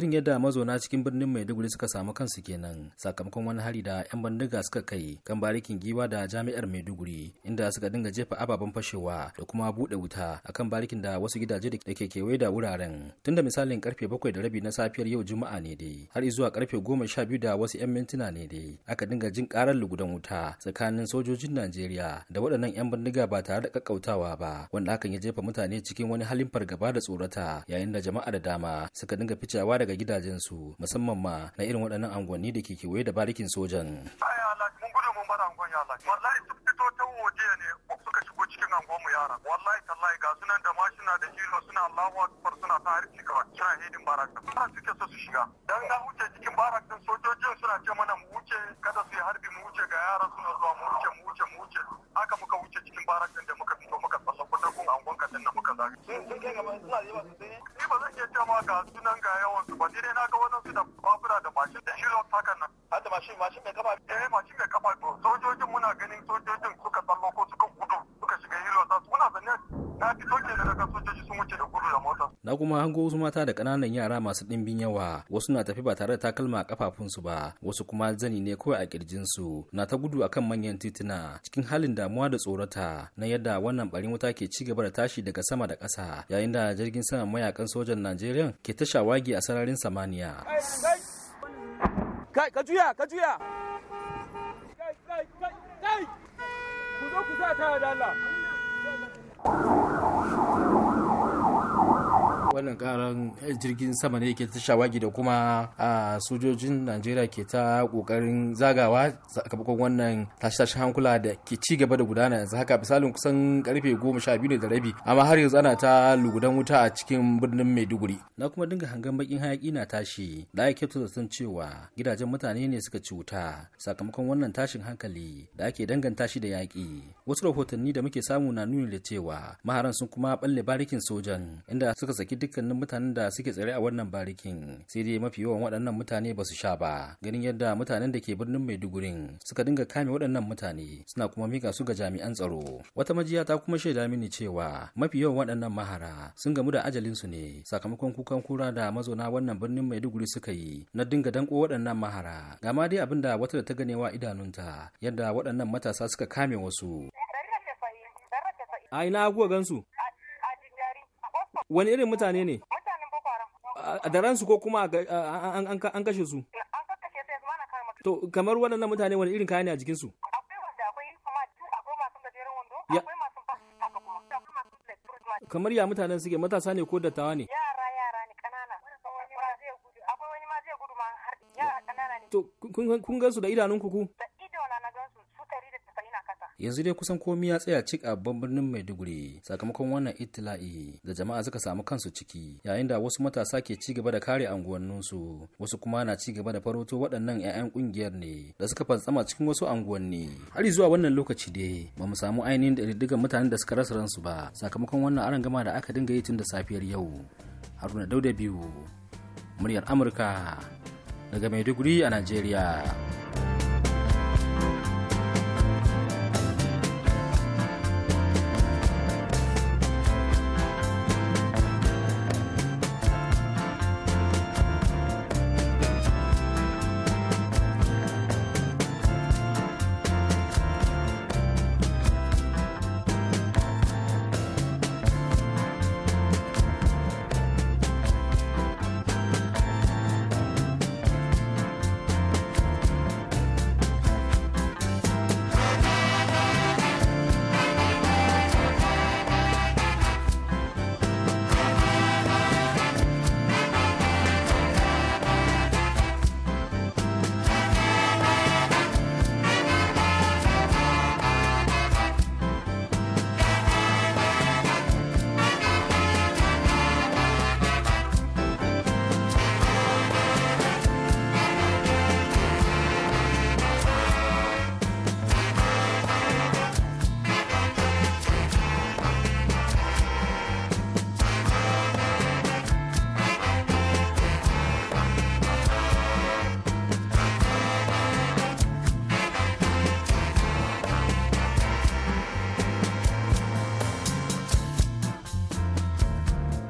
irin yadda mazauna cikin birnin maiduguri suka samu kansu kenan sakamakon wani hari da 'yan bandiga suka kai kan barikin giwa da jami'ar maiduguri inda suka dinga jefa ababen fashewa da kuma bude wuta a kan barikin da wasu gidaje da ke kewaye da wuraren tun da misalin karfe bakwai da rabi na safiyar yau juma'a ne dai har zuwa karfe goma sha biyu da wasu 'yan mintuna ne dai aka dinga jin karar lugudan wuta tsakanin sojojin najeriya da waɗannan 'yan bandiga ba tare da kakkautawa ba wanda hakan ya jefa mutane cikin wani halin fargaba da tsorata yayin da jama'a da dama suka dinga ficewa daga da daga gidajensu musamman ma na irin waɗannan angwanni da ke kewaye da barikin sojan. wallahi su fito ta waje ne suka shigo cikin mu yara wallahi tallahi ga sunan da mashina da jiro suna Allahu akbar suna ta harci gaba suna hidin barak ba suke so su shiga dan na wuce cikin barak din sojojin suna ce mana mu wuce kada su yi harbi mu wuce ga yara suna zuwa mu wuce mu wuce mu wuce haka muka wuce cikin barak da muka fito muka tsallako na kun angon na muka zage kuma ga sunan ga yawan su ba ni dai na ga wannan su da babura da mashin da hilux hakan nan hada mashin mashin mai kafa eh mashin mai kafa to sojojin muna ganin sojojin suka tsallo ko suka gudu suka shiga hilo sa muna zanne na so na kuma hango wasu mata da kananan yara masu ɗimbin yawa wasu na tafi ba tare da takalma a kafafunsu ba wasu kuma zani ne kawai a su na ta gudu akan manyan tituna cikin halin damuwa da tsorata na yadda wannan barin wuta ke ci gaba da tashi daga sama da ƙasa yayin da jirgin sama mayakan sojan Najeriya ke ta shawagi a sararin samaniya. ka juya, ka juya! wannan karan eh, jirgin sama ne ke ta shawagi da kuma a ah, sojojin najeriya ke ta kokarin zagawa sakamakon wannan tashe hankula da ke ci gaba da gudana yanzu haka misalin kusan karfe goma sha biyu ne da rabi amma har yanzu ana ta lugudan wuta a cikin birnin maiduguri na kuma dinga hangen bakin hayaki na tashi da ake san cewa gidajen mutane ne suka ci wuta sakamakon wannan tashin hankali da ake danganta shi da yaki. wasu rahotanni da muke samu na nuni da cewa maharan sun kuma balle barikin sojan inda suka saki dukkanin mutanen da suke tsare a wannan barikin sai dai mafi yawan waɗannan mutane ba su sha ba ganin yadda mutanen da ke birnin maidugurin suka dinga kame waɗannan mutane suna kuma mika su ga jami'an tsaro wata majiya ta kuma shaida mini cewa mafi yawan waɗannan mahara sun gamu da ajalin su ne sakamakon kukan kura da mazauna wannan birnin maiduguri suka yi na dinga danko waɗannan mahara ga dai abin da wata da ta ganewa idanunta yadda waɗannan matasa suka kame wasu a ina gan gansu wani irin mutane ne mutanen boko haram da ransu ko kuma an kashe su an kashe su yanzu mana kare to kamar waɗannan mutane wani irin kaya ne a jikin su akwai wanda akwai kuma akwai masu gajeren wando akwai masu haka kuma akwai masu kamar ya mutanen suke matasa ne ko dattawa ne yara yara ne kanana akwai wani ma zai gudu ma har yara kanana ne to kun ga su da idanun ku ku da yanzu dai kusan komai ya tsaya cik a babban birnin maiduguri sakamakon wannan itila'i da jama'a suka samu kansu ciki yayin da wasu matasa ke ci gaba da kare anguwanninsu wasu kuma na ci gaba da faroto waɗannan 'ya'yan ƙungiyar ne da suka fantsama cikin wasu unguwanni. har zuwa wannan lokaci dai ba mu samu ainihin da mutanen da suka rasa ransu ba sakamakon wannan gama da aka dinga yi tun da safiyar yau haruna dauda biyu muryar amurka daga maiduguri a najeriya